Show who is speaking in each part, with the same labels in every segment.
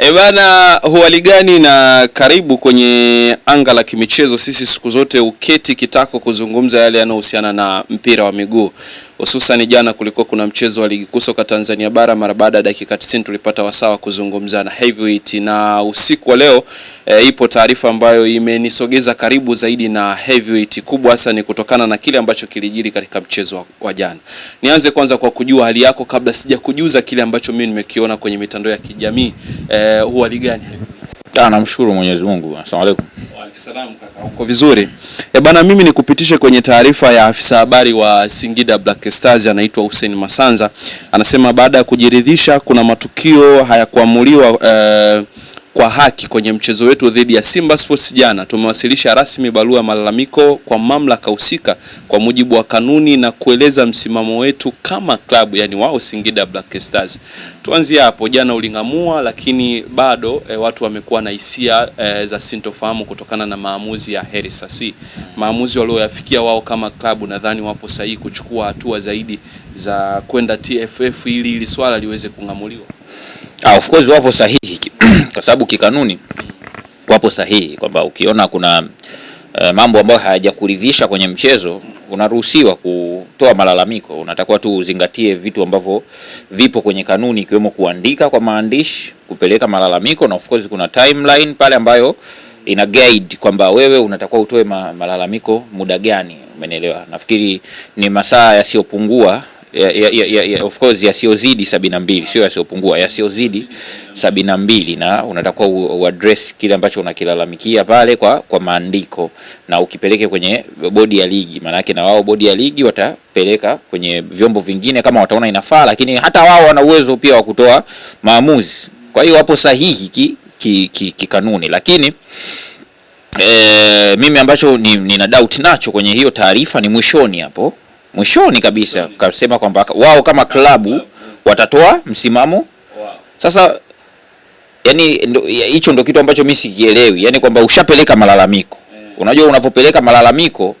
Speaker 1: ebana eh, bana, gani na karibu kwenye anga la kimichezo. Sisi siku zote uketi kitako kuzungumza yale yanayohusiana na mpira wa miguu hususan jana kulikuwa kuna mchezo wa ligi kuu soka Tanzania bara. Mara baada ya dakika 90 tulipata wasawa kuzungumzana Heavyweight, na usiku wa leo e, ipo taarifa ambayo imenisogeza karibu zaidi na Heavyweight, kubwa hasa ni kutokana na kile ambacho kilijiri katika mchezo wa, wa jana. Nianze kwanza kwa kujua hali yako kabla sijakujuza kile ambacho mimi nimekiona kwenye mitandao ya kijamii. E, huwa hali
Speaker 2: ah, Namshukuru Mwenyezi Mungu. Asalamu alaykum. Salaam kaka, uko vizuri? Eh bana, mimi kupitishe kwenye taarifa ya afisa habari wa Singida Black Stars anaitwa Hussein Masanza, anasema baada ya kujiridhisha kuna matukio hayakuamuliwa eh, kwa haki kwenye mchezo wetu dhidi ya Simba Sports jana, tumewasilisha rasmi barua ya malalamiko kwa mamlaka husika kwa mujibu wa kanuni na kueleza msimamo wetu kama klabu, yani wao Singida Black Stars. Tuanzie hapo, jana uling'amua, lakini bado e, watu wamekuwa na hisia e, za sintofahamu kutokana na maamuzi ya Heri Sasi, maamuzi walioyafikia wao kama klabu. Nadhani wapo sahihi kuchukua hatua zaidi za kwenda TFF ili ili swala liweze kung'amuliwa.
Speaker 3: Ah, of course wapo sahihi kwa sababu kikanuni wapo sahihi kwamba ukiona kuna uh, mambo ambayo hayajakuridhisha kwenye mchezo unaruhusiwa kutoa malalamiko. Unatakiwa tu uzingatie vitu ambavyo vipo kwenye kanuni, ikiwemo kuandika kwa maandishi, kupeleka malalamiko, na of course kuna timeline pale ambayo ina guide kwamba wewe unatakiwa utoe ma malalamiko muda gani. Umenielewa? Nafikiri ni masaa yasiyopungua ya, ya, ya, ya, of course yasiyozidi sabini na mbili, sio yasiyopungua, yasiyozidi sabini na mbili, na unatakiwa uaddress kile ambacho unakilalamikia pale kwa, kwa maandiko na ukipeleke kwenye bodi ya ligi, maanake na wao bodi ya ligi watapeleka kwenye vyombo vingine kama wataona inafaa, lakini hata wao wana uwezo pia wa kutoa maamuzi. Kwa hiyo wapo sahihi ki, ki, ki, ki kanuni, lakini e, mimi ambacho nina ni doubt nacho kwenye hiyo taarifa ni mwishoni hapo mwishoni kabisa kasema kwamba wao kama klabu watatoa msimamo. Sasa yani hicho ndo kitu ambacho mimi sikielewi, yani kwamba ushapeleka malalamiko. Unajua, unavyopeleka malalamiko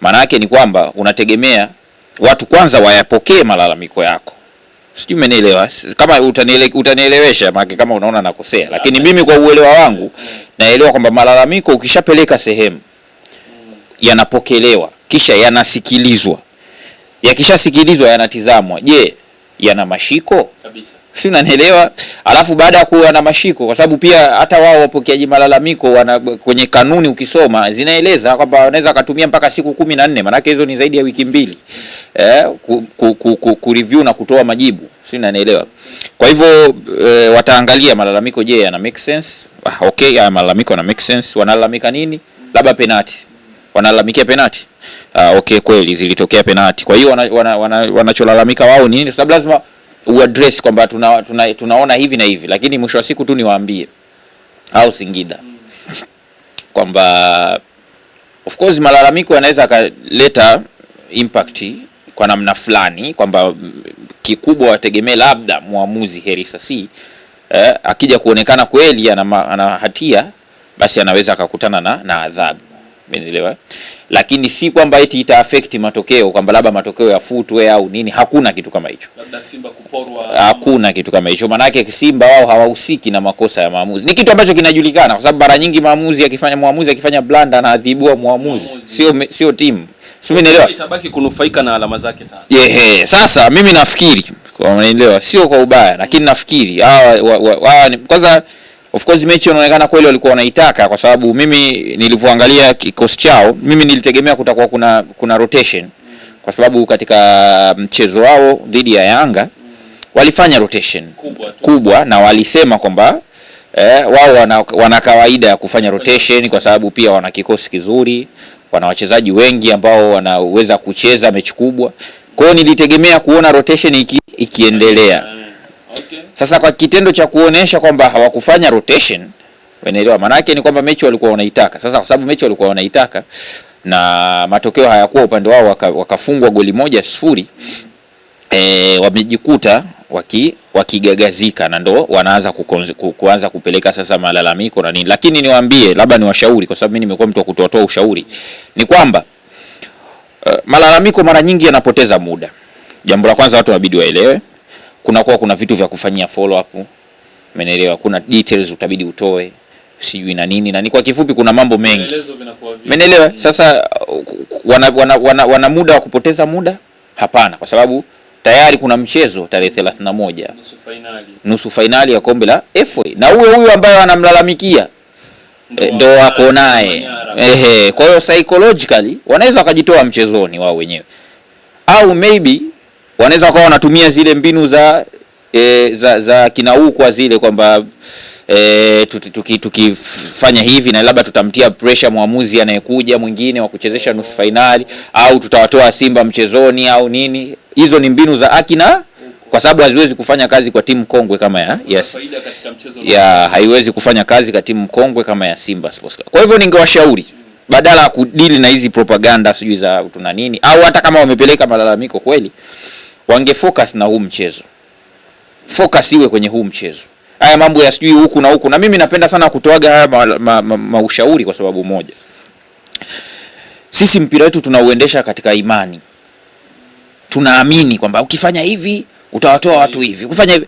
Speaker 3: maana yake ni kwamba unategemea watu kwanza wayapokee malalamiko yako. Sijui umenielewa, kama utanielewesha maana kama unaona nakosea, lakini mimi kwa uelewa wangu naelewa kwamba malalamiko ukishapeleka sehemu yanapokelewa kisha yanasikilizwa yakishasikilizwa yanatizamwa, je, yana mashiko kabisa? Si unanielewa? Alafu baada ya kuwa na mashiko, kwa sababu pia hata wao wapokeaji malalamiko wana kwenye kanuni, ukisoma zinaeleza kwamba wanaweza akatumia mpaka siku kumi na nne maanake hizo ni zaidi ya wiki mbili eh, ku, ku, ku, ku, ku na kutoa majibu, si unanielewa? Kwa hivyo e, wataangalia malalamiko, je, yana make sense? Ah, okay, haya malalamiko yana make sense, wanalalamika nini? Labda penati wanalalamikia penati. Uh, ah, okay, kweli zilitokea penati. Kwa hiyo wanacholalamika wana, wana wana wao ni nini? Sababu lazima uaddress kwamba tuna, tuna, tunaona hivi na hivi, lakini mwisho wa siku tu niwaambie au Singida kwamba of course malalamiko yanaweza akaleta impact kwa namna fulani, kwamba kikubwa wategemee labda mwamuzi Heri Sasi eh, akija kuonekana kweli ana, ana hatia basi anaweza akakutana na, na adhabu. Umeelewa? Lakini si kwamba eti ita affect matokeo kwamba labda matokeo yafutwe au nini, hakuna kitu kama hicho. Labda Simba kuporwa, hakuna kitu kama hicho. Maanake Simba wao hawahusiki na makosa ya maamuzi, ni kitu ambacho kinajulikana, kwa sababu mara nyingi maamuzi akifanya mwamuzi akifanya blanda anaadhibiwa mwamusi, sio sio timu. Si
Speaker 4: Itabaki kunufaika na alama zake tatu.
Speaker 3: hey. sasa mimi nafikiri, kwa unaelewa, sio kwa ubaya, lakini nafikiri hawa kwanza Of course mechi inaonekana kweli walikuwa wanaitaka, kwa sababu mimi nilivyoangalia kikosi chao, mimi nilitegemea kutakuwa kuna kuna rotation, kwa sababu katika mchezo wao dhidi ya Yanga walifanya rotation kubwa, kubwa na walisema kwamba eh, wao wana, wana kawaida ya kufanya rotation kwa sababu pia wana kikosi kizuri, wana wachezaji wengi ambao wanaweza kucheza mechi kubwa. Kwa hiyo nilitegemea kuona rotation iki, ikiendelea Okay. Sasa kwa kitendo cha kuonesha kwamba hawakufanya rotation, unaelewa maana yake ni kwamba mechi walikuwa wanaitaka. Sasa kwa sababu mechi walikuwa wanaitaka na matokeo hayakuwa upande wao, wakafungwa waka goli moja sifuri, e, wamejikuta waki wakigagazika na ndo wanaanza kuanza kupeleka sasa malalamiko na nini, lakini niwaambie, labda niwashauri, kwa sababu mimi nimekuwa mtu wa kutoa ushauri, ni kwamba uh, malalamiko mara nyingi yanapoteza muda. Jambo la kwanza watu wanabidi waelewe kunakuwa kuna vitu vya kufanyia follow up, umeelewa? Kuna details utabidi utoe sijui na nini na ni kwa kifupi, kuna mambo mengi umeelewa. Sasa wana, wana, wana, wana muda wa kupoteza muda? Hapana, kwa sababu tayari kuna mchezo tarehe 31
Speaker 4: nusu fainali,
Speaker 3: nusu fainali ya kombe la FA na huyo huyo ambaye anamlalamikia ndo wako eh, naye ehe. Kwa hiyo psychologically wanaweza wakajitoa mchezoni wao wenyewe au maybe wanaweza wakawa wanatumia zile mbinu za e, za, za kinaukwa zile kwamba e, tukifanya tuki hivi na labda tutamtia pressure mwamuzi anayekuja mwingine wa kuchezesha nusu fainali, au tutawatoa Simba mchezoni au nini. Hizo ni mbinu za akina kwa sababu haziwezi kufanya kazi kwa timu kongwe kama ya yes, ya haiwezi kufanya kazi kwa timu kongwe kama ya Simba Sports Club. Kwa hivyo ningewashauri badala ya kudili na hizi propaganda sijui za tuna nini, au hata kama wamepeleka malalamiko kweli focus na huu mchezo, focus iwe kwenye huu mchezo. Haya mambo ya sijui huku na huku, na mimi napenda sana kutoaga haya maushauri ma, ma, ma, kwa sababu moja, sisi mpira wetu tunauendesha katika imani, tunaamini kwamba ukifanya hivi utawatoa watu hivi, ukifanya hivi.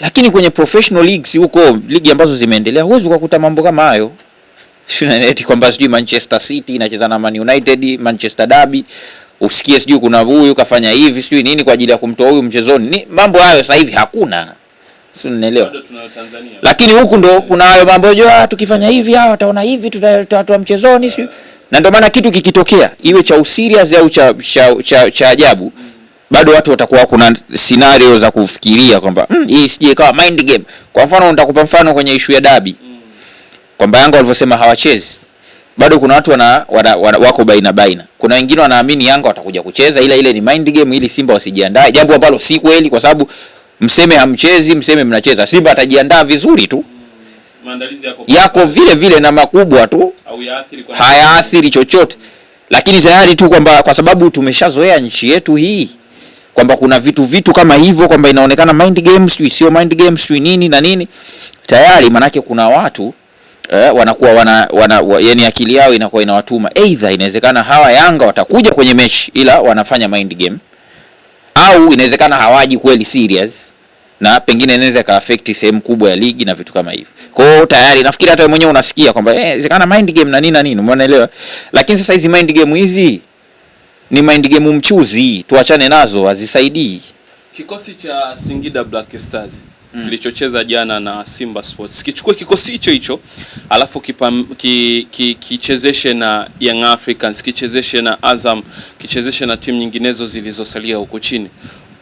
Speaker 3: Lakini kwenye professional leagues huko, ligi ambazo zimeendelea, huwezi ukakuta mambo kama hayo kwamba sijui Manchester City inacheza na Man United, Manchester Derby usikie sijui kuna huyu kafanya hivi sijui nini kwa ajili ya kumtoa huyu mchezoni. Ni mambo hayo sasa hivi hakuna, si Lakini huku ndo kuna hayo mambo ya ah, tukifanya hivi hawa wataona hivi, tutatoa mchezoni sijui na ndio maana kitu kikitokea iwe cha userious au cha, cha, cha, cha ajabu mm. Bado watu watakuwa kuna scenario za kufikiria kwamba mm, hii sije ikawa mind game. Kwa mfano nitakupa mfano kwenye issue ya dabi mm. kwamba yango walivyosema hawachezi bado kuna watu wana, wana, wana, wako baina baina. Kuna wengine wanaamini Yanga watakuja kucheza, ila ile ni mind game, ili Simba wasijiandae, jambo ambalo si kweli, kwa sababu mseme hamchezi, mseme mnacheza. Simba atajiandaa vizuri tu, yako, yako vile vile na makubwa tu, hayaathiri chochote, lakini tayari tu kwamba kwa sababu tumeshazoea nchi yetu hii kwamba kuna vitu vitu kama hivyo kwamba inaonekana mind games, sio mind games, sio nini na nini tayari, manake kuna watu eh, wanakuwa wana, wana wa, yani akili yao inakuwa inawatuma either inawezekana hawa Yanga watakuja kwenye mechi ila wanafanya mind game, au inawezekana hawaji kweli serious na pengine inaweza ka affect sehemu kubwa ya ligi na vitu kama hivyo. Kwa hiyo tayari nafikiri hata wewe mwenyewe unasikia kwamba eh, inawezekana mind game na nini na nini, umeelewa? Lakini sasa hizi mind game hizi ni mind game mchuzi, tuachane nazo, hazisaidii.
Speaker 4: Kikosi cha Singida Black Stars mm. kilichocheza jana na Simba Sports kichukue kikosi hicho hicho alafu kichezeshe ki, ki, na Young Africans kichezeshe na Azam kichezeshe na timu nyinginezo zilizosalia huko chini.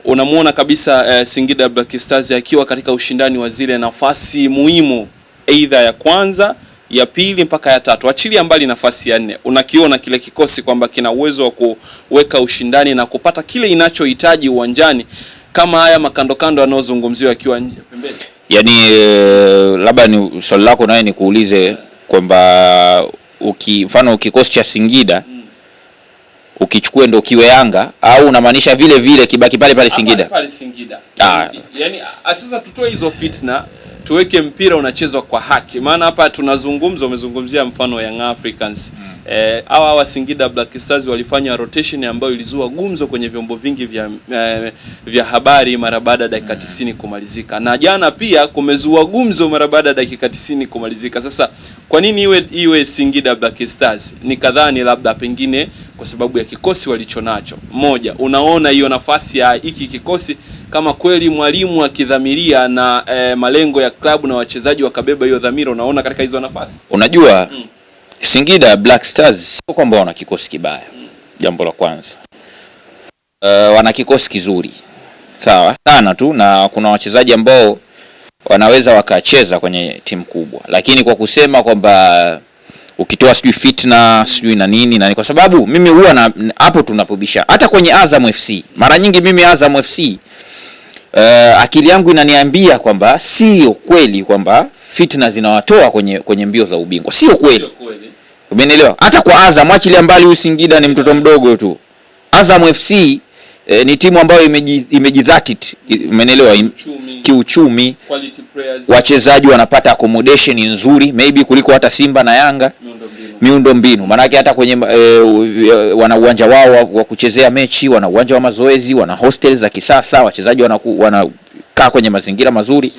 Speaker 4: Unamwona kabisa eh, Singida Black Stars akiwa katika ushindani wa zile nafasi muhimu, aidha ya kwanza ya pili mpaka ya tatu, achilia mbali nafasi ya nne. Unakiona kile kikosi kwamba kina uwezo wa kuweka ushindani na kupata kile inachohitaji uwanjani kama haya makandokando yanayozungumziwa akiwa nje pembeni?
Speaker 3: Yani e, eh, labda ni swali lako naye nikuulize kwamba uki mfano kikosi cha Singida ukichukue ndo kiwe Yanga au unamaanisha vile vile kibaki pale pale Singida? Pale Singida.
Speaker 4: Ah. Yaani ah, sasa tutoe hizo fitna tuweke mpira unachezwa kwa haki, maana hapa tunazungumza, umezungumzia mfano Young Africans mm. eh, hawa E, Singida Black Stars walifanya rotation ambayo ilizua gumzo kwenye vyombo vingi vya, e, vya habari mara baada ya dakika 90 mm. kumalizika, na jana pia kumezua gumzo mara baada ya dakika 90 kumalizika. Sasa kwa nini iwe iwe Singida Black Stars? kadhani labda pengine kwa sababu ya kikosi walichonacho. Moja, unaona hiyo nafasi ya hiki kikosi kama kweli mwalimu akidhamiria na e, malengo ya klabu na wachezaji wakabeba hiyo dhamira, unaona katika hizo nafasi.
Speaker 3: Unajua mm. Singida Black Stars sio kwamba wana kikosi kibaya mm. Jambo la kwanza uh, wana kikosi kizuri sawa sana tu, na kuna wachezaji ambao wanaweza wakacheza kwenye timu kubwa, lakini kwa kusema kwamba ukitoa sijui fitna sijui na nini na kwa sababu mimi huwa hapo tunapobisha hata kwenye Azam FC mara nyingi mimi Azam FC uh, eh, akili yangu inaniambia kwamba sio kweli kwamba fitna zinawatoa kwenye kwenye mbio za ubingwa, sio kweli, umenielewa? Hata kwa Azam, achilia mbali huyu Singida ni mtoto mdogo tu, Azam FC E, ni timu ambayo imejidhatiti, umeelewa, kiuchumi. Wachezaji wanapata accommodation nzuri maybe kuliko hata Simba na Yanga, miundo mbinu, maanake hata kwenye e, wana uwanja wao wa kuchezea mechi, wana uwanja wa mazoezi, wana hostels za kisasa, wachezaji wanaku, wanakaa kwenye mazingira mazuri.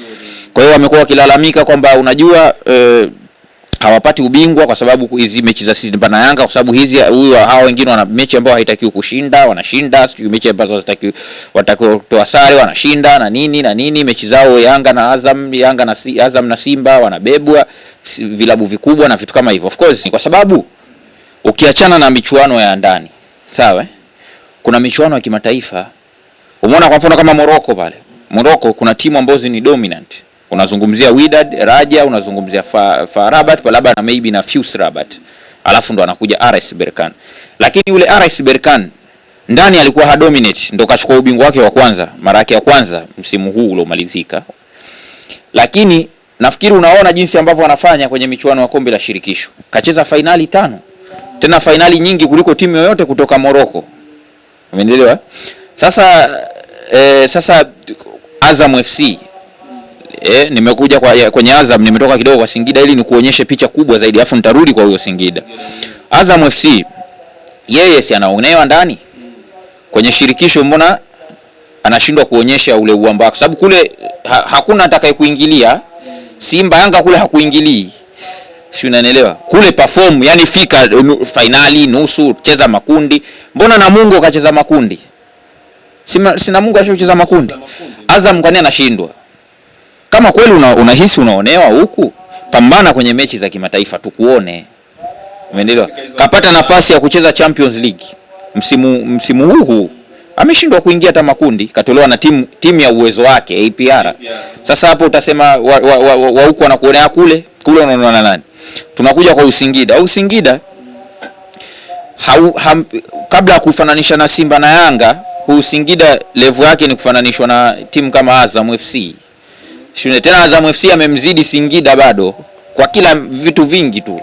Speaker 3: Kwa hiyo wamekuwa wakilalamika kwamba unajua e, hawapati ubingwa kwa sababu hizi mechi za Simba na Yanga, kwa sababu hizi huyu hawa wengine wana mechi ambayo haitakiwi kushinda wanashinda, sio mechi ambazo hazitakiwi watakotoa sare wanashinda na nini na nini, mechi zao Yanga na Azam, Yanga na si, Azam na Simba wanabebwa si, vilabu vikubwa na vitu kama hivyo. Of course kwa sababu ukiachana na michuano ya ndani sawa, eh? kuna michuano ya kimataifa. Umeona kwa mfano kama Morocco pale, Morocco kuna timu ambazo ni dominant unazungumzia Wydad, Raja, unazungumzia FAR Fa Rabat, labda na maybe na FUS Rabat. Alafu ndo anakuja RS Berkane. Lakini yule RS Berkane ndani alikuwa hadominate, ndo kachukua ubingwa wake wa kwanza, mara yake ya kwanza msimu huu uliomalizika. Lakini nafikiri unaona jinsi ambavyo wanafanya kwenye michuano ya kombe la shirikisho. Kacheza fainali tano. Tena fainali nyingi kuliko timu yoyote kutoka Morocco. Umeelewa? Sasa e, sasa Azam FC eh, nimekuja kwa, ya, kwenye Azam nimetoka kidogo kwa Singida ili nikuonyeshe picha kubwa zaidi, afu nitarudi kwa huyo Singida. Azam FC yeye si anaonewa ndani kwenye shirikisho, mbona anashindwa kuonyesha ule uamba, kwa sababu kule ha, hakuna atakaye kuingilia Simba Yanga kule hakuingilii, si unanielewa? Kule perform yani, fika finali, nusu, cheza makundi. Mbona Namungo kacheza makundi? Sina Namungo ashacheza makundi, Azam kwani anashindwa? Kama kweli una, unahisi unaonewa huku, pambana kwenye mechi za kimataifa tukuone. Umeelewa? Kapata nafasi ya kucheza Champions League msimu msimu huu ameshindwa kuingia hata makundi, katolewa na timu timu ya uwezo wake APR. Sasa hapo utasema wa, wa, wa, wa, wa wanakuonea kule kule, unaona nani? Tunakuja kwa Usingida. Usingida hau, ham, kabla ya kufananisha na Simba na Yanga, Usingida levu yake ni kufananishwa na timu kama Azam FC shule tena. Azam FC amemzidi Singida bado kwa kila vitu vingi tu,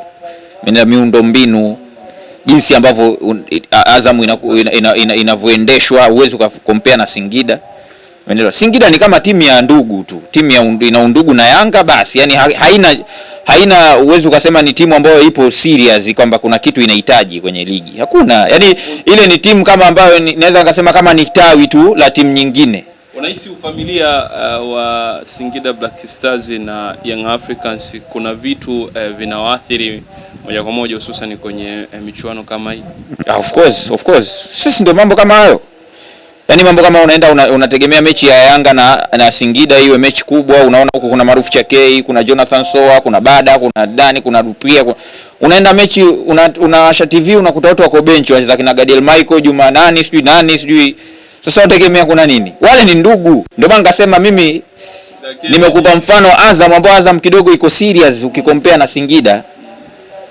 Speaker 3: miundo mbinu, jinsi ambavyo Azam inavyoendeshwa, huwezi ukakompea na Singida. Umeelewa? Singida ni kama timu ya ndugu tu, timu ya undu, ina undugu na Yanga basi, yani haina haina uwezo ukasema ni timu ambayo ipo serious kwamba kuna kitu inahitaji kwenye ligi. Hakuna. Yaani ile ni timu kama ambayo naweza nikasema kama ni tawi tu la timu nyingine.
Speaker 4: Unahisi ufamilia uh, wa Singida Black Stars na Young Africans kuna vitu uh, vinawaathiri moja kwa moja hususan kwenye uh, michuano kama hii?
Speaker 3: Yeah, Of course, of course. Sisi ndio mambo kama hayo. Yaani mambo kama unaenda una, unategemea mechi ya Yanga na, na Singida iwe mechi kubwa, unaona huko kuna Maruf Chakei, kuna Jonathan Soa, kuna Bada, kuna Dani, kuna Rupia, Kuna... Unaenda mechi una, una TV unakuta watu wako bench wacheza kina Gadiel Michael, Juma nani, sijui nani, sijui sasa unategemea kuna nini? Wale ni ndugu. Ndio maana nikasema mimi nimekupa mfano Azam ambao Azam kidogo iko serious ukikompea na Singida.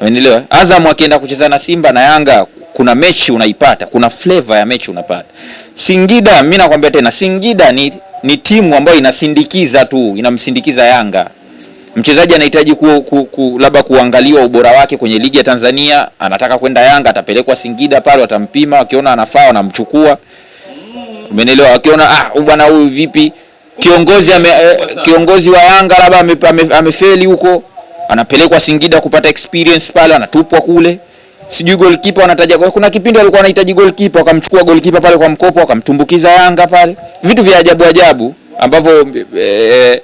Speaker 3: Unaelewa? Azam akienda kucheza na Simba na Yanga kuna mechi unaipata, kuna flavor ya mechi unapata. Singida, mimi nakwambia tena, Singida ni ni timu ambayo inasindikiza tu, inamsindikiza Yanga. Mchezaji anahitaji ku, ku, ku, labda kuangaliwa ubora wake kwenye ligi ya Tanzania, anataka kwenda Yanga, atapelekwa Singida pale, watampima, wakiona anafaa wanamchukua umenelewa Akiona ah, bwana huyu vipi, kiongozi ame, eh, kiongozi wa Yanga labda amefeli ame huko, anapelekwa Singida kupata experience pale, anatupwa kule sijui goalkeeper wanataja. Kuna kipindi alikuwa anahitaji goalkeeper, wakamchukua goalkeeper pale kwa mkopo, wakamtumbukiza Yanga pale, vitu vya ajabu ajabu ambavyo eh,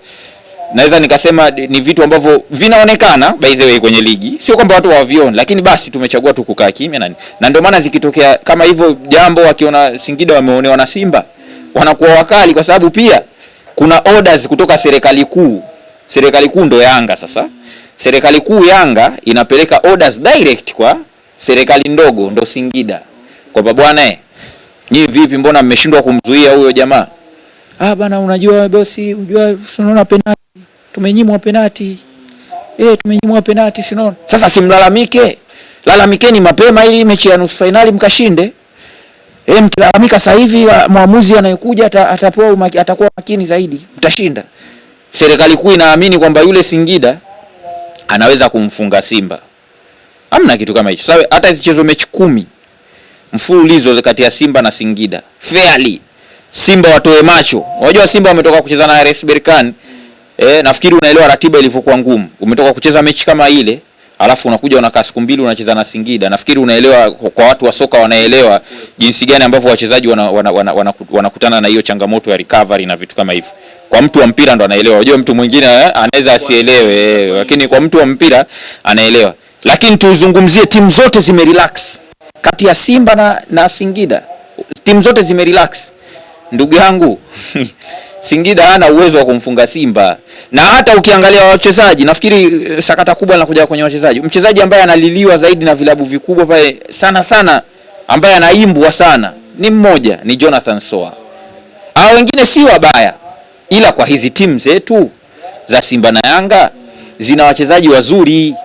Speaker 3: naweza nikasema ni vitu ambavyo vinaonekana by the way kwenye ligi, sio kwamba watu hawavioni, lakini basi tumechagua tu kukaa kimya nani, na ndio maana zikitokea kama hivyo jambo, wakiona Singida wameonewa na Simba wanakuwa wakali, kwa sababu pia kuna orders kutoka serikali kuu. Serikali kuu ndo Yanga. Sasa serikali kuu Yanga inapeleka orders direct kwa serikali ndogo, ndo Singida, kwamba bwana, eh, nyinyi vipi, mbona mmeshindwa kumzuia huyo jamaa? Ah bana, unajua bosi, unajua unaona penalti tumenyimwa penati eh, tumenyimwa penati, si unaona? Sasa simlalamike, lalamikeni mapema ili mechi ya nusu fainali mkashinde. Eh, mkilalamika sasa hivi mwamuzi anayekuja atapewa umaki, atakuwa makini zaidi, mtashinda. Serikali kuu inaamini kwamba yule Singida anaweza kumfunga Simba. Hamna kitu kama hicho. Sawa, hata zichezo mechi kumi mfululizo kati ya Simba na Singida. Fairly Simba watoe macho. Unajua Simba wametoka kucheza na RS Berkane Eh, nafikiri unaelewa ratiba ilivyokuwa ngumu. Umetoka kucheza mechi kama ile, alafu unakuja unakaa siku mbili unacheza na Singida. Nafikiri unaelewa, kwa watu wa soka wanaelewa jinsi gani ambavyo wachezaji wanakutana wana, wana, wana, wana na hiyo changamoto ya recovery na vitu kama hivyo. Kwa mtu wa mpira ndo anaelewa. Unajua mtu mwingine eh, anaweza asielewe, eh, lakini kwa mtu wa mpira anaelewa. Lakini tuzungumzie timu zote zimerelax. Kati ya Simba na, na Singida timu zote zimerelax, ndugu yangu Singida hana uwezo wa kumfunga Simba, na hata ukiangalia wachezaji, nafikiri eh, sakata kubwa linakuja kwenye wachezaji. Mchezaji ambaye analiliwa zaidi na vilabu vikubwa pale sana sana, ambaye anaimbwa sana ni mmoja, ni Jonathan Soa. Hao wengine si wabaya, ila kwa hizi timu zetu za Simba na Yanga zina wachezaji wazuri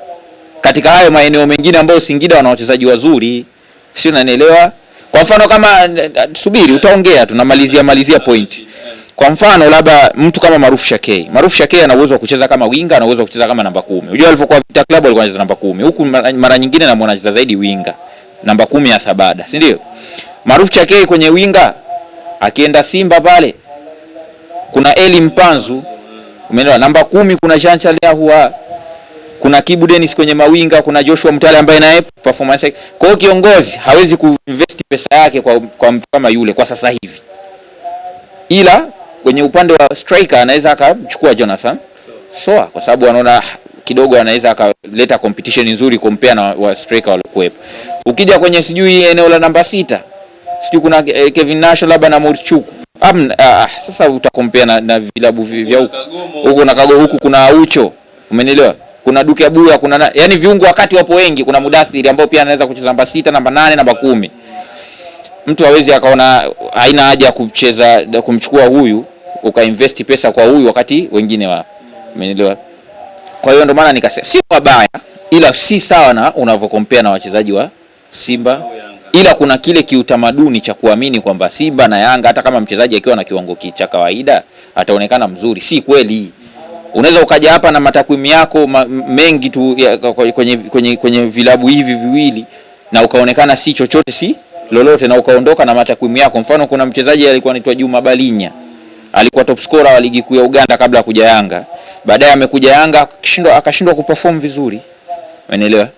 Speaker 3: katika hayo maeneo mengine ambayo Singida wana wachezaji wazuri, sio? Unanielewa? Kwa mfano kama subiri, utaongea tu, namalizia malizia point kwa mfano labda mtu kama Maruf Shakei. Maruf Shakei ana uwezo wa kucheza kama winga, ana uwezo wa kucheza kama namba kumi. Unajua alipokuwa Vita Club alikuwa anacheza namba kumi. Huku mara nyingine na mwanacheza zaidi winga. Namba kumi ya Sabada, si ndio? Maruf Shakei kwenye winga akienda Simba pale kuna Eli Mpanzu, umeelewa? Namba kumi kuna Jean Charles Ahoua, kuna Kibu Dennis kwenye mawinga, kuna Joshua Mtale ambaye naye performance yake. Kwa hiyo kiongozi hawezi kuinvest pesa yake kwa, kwa mtu kama yule kwa sasa hivi, ila kwenye upande wa striker anaweza akamchukua Jonathan Soa kwa sababu anaona kidogo anaweza akaleta competition nzuri kumpea na wa striker walikuwepo. Ukija kwenye sijui eneo la namba sita sijui kuna eh, Kevin Nash labda na Murchuku Am, ah, ah, sasa utakompea na, na vilabu vya huko huko na Kagogo huku kuna Aucho, umenielewa? Kuna Duke Abuya, kuna na, yani viungo wakati wapo wengi, kuna Mudathiri ambao pia anaweza kucheza namba sita, namba nane, namba kumi. Mtu hawezi akaona haina haja ya kucheza kumchukua huyu ukainvest pesa kwa huyu wakati wengine wa umeelewa. Kwa hiyo ndio maana nikasema si wabaya, ila si sawa na unavyokompea na wachezaji wa Simba, ila kuna kile kiutamaduni cha kuamini kwamba Simba na Yanga, hata kama mchezaji akiwa na kiwango cha kawaida ataonekana mzuri. Si kweli. Unaweza ukaja hapa na matakwimu yako ma, mengi tu ya, kwenye, kwenye, kwenye vilabu hivi viwili na ukaonekana si chochote si lolote, na ukaondoka na matakwimu yako. Mfano, kuna mchezaji alikuwa anaitwa Juma Balinya alikuwa top scorer wa ligi kuu ya Uganda kabla ya kuja Yanga. Baadaye amekuja Yanga akashindwa akashindwa kuperform vizuri. Umeelewa?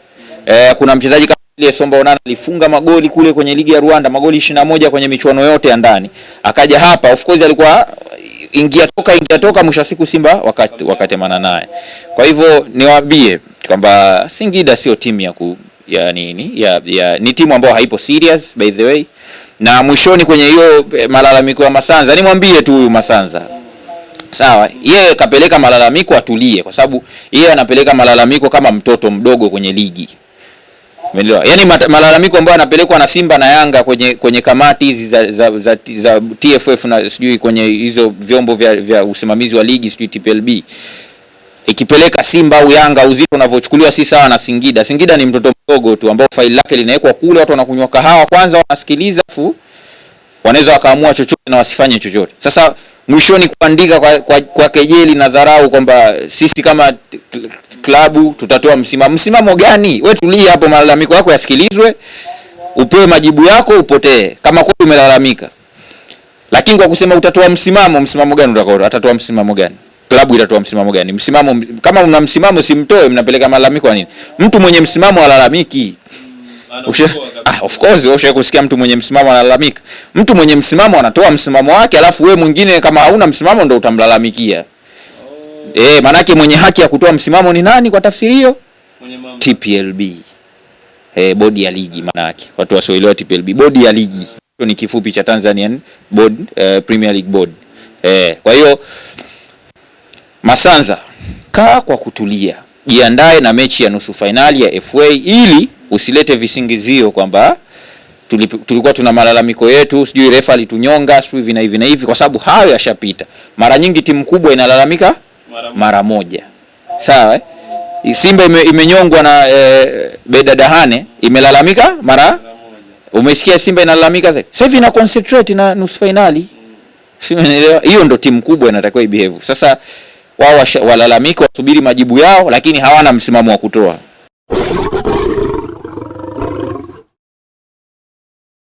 Speaker 3: Eh, kuna mchezaji kama ile Somba Onana alifunga magoli kule kwenye ligi ya Rwanda, magoli 21 kwenye michuano yote ya ndani. Akaja hapa, of course alikuwa eh, ingia toka ingia toka, mwisho wa siku Simba wakati wakatemana naye. Kwa hivyo niwaambie kwamba Singida sio timu ya ku ya nini ya, ya ni timu ambayo haipo serious by the way na mwishoni kwenye hiyo eh, malalamiko ya Masanza, nimwambie tu huyu Masanza sawa, yeye kapeleka malalamiko atulie, kwa sababu yeye anapeleka malalamiko kama mtoto mdogo kwenye ligi. Umeelewa? Yaani malalamiko ambayo anapelekwa na Simba na Yanga kwenye kwenye kamati hizi za, za, za, za TFF na sijui kwenye hizo vyombo vya, vya usimamizi wa ligi sijui TPLB ikipeleka Simba au Yanga uzito unavyochukuliwa si sawa na Singida. Singida ni mtoto kidogo tu ambao faili lake linawekwa kule, watu wanakunywa kahawa kwanza, wanasikiliza afu wanaweza wakaamua chochote na wasifanye chochote. Sasa mwisho ni kuandika kwa, kwa, kwa kejeli na dharau kwamba sisi kama klabu tutatoa msimamo. Msimamo gani? We tulia hapo, malalamiko yako yasikilizwe, upewe majibu yako, upotee kama kweli umelalamika. Lakini kwa kusema utatoa msimamo, msimamo gani utakao, atatoa msimamo gani? klabu itatoa msimamo gani? Msimamo kama una msimamo simtoe, mnapeleka malalamiko nini? Mtu mwenye msimamo alalamiki. Ushe, ah, of course usha kusikia mtu mwenye msimamo analalamika. Mtu mwenye msimamo anatoa msimamo wake, alafu we mwingine kama hauna msimamo ndo utamlalamikia. Oh. Eh, manake mwenye haki ya kutoa msimamo ni nani kwa tafsiri hiyo? TPLB. Eh, bodi ya ligi manake. Watu wasioelewa TPLB, bodi ya ligi. Hiyo ni kifupi cha Tanzanian Board, eh, Premier League Board. Eh, kwa hiyo Masanza, kaa kwa kutulia, jiandae na mechi ya nusu fainali ya FA ili usilete visingizio kwamba tulikuwa tuna malalamiko yetu, sijui refa alitunyonga, sijui na hivi na hivi, kwa sababu hayo yashapita. Mara nyingi timu kubwa inalalamika mara moja, sawa eh? Simba ime, imenyongwa na e, eh, Beda Dahane imelalamika mara, umesikia Simba inalalamika sasa hivi ina concentrate na nusu fainali, si Hiyo ndo timu kubwa inatakiwa ibehave sasa wao walalamika, wasubiri majibu yao, lakini hawana msimamo wa kutoa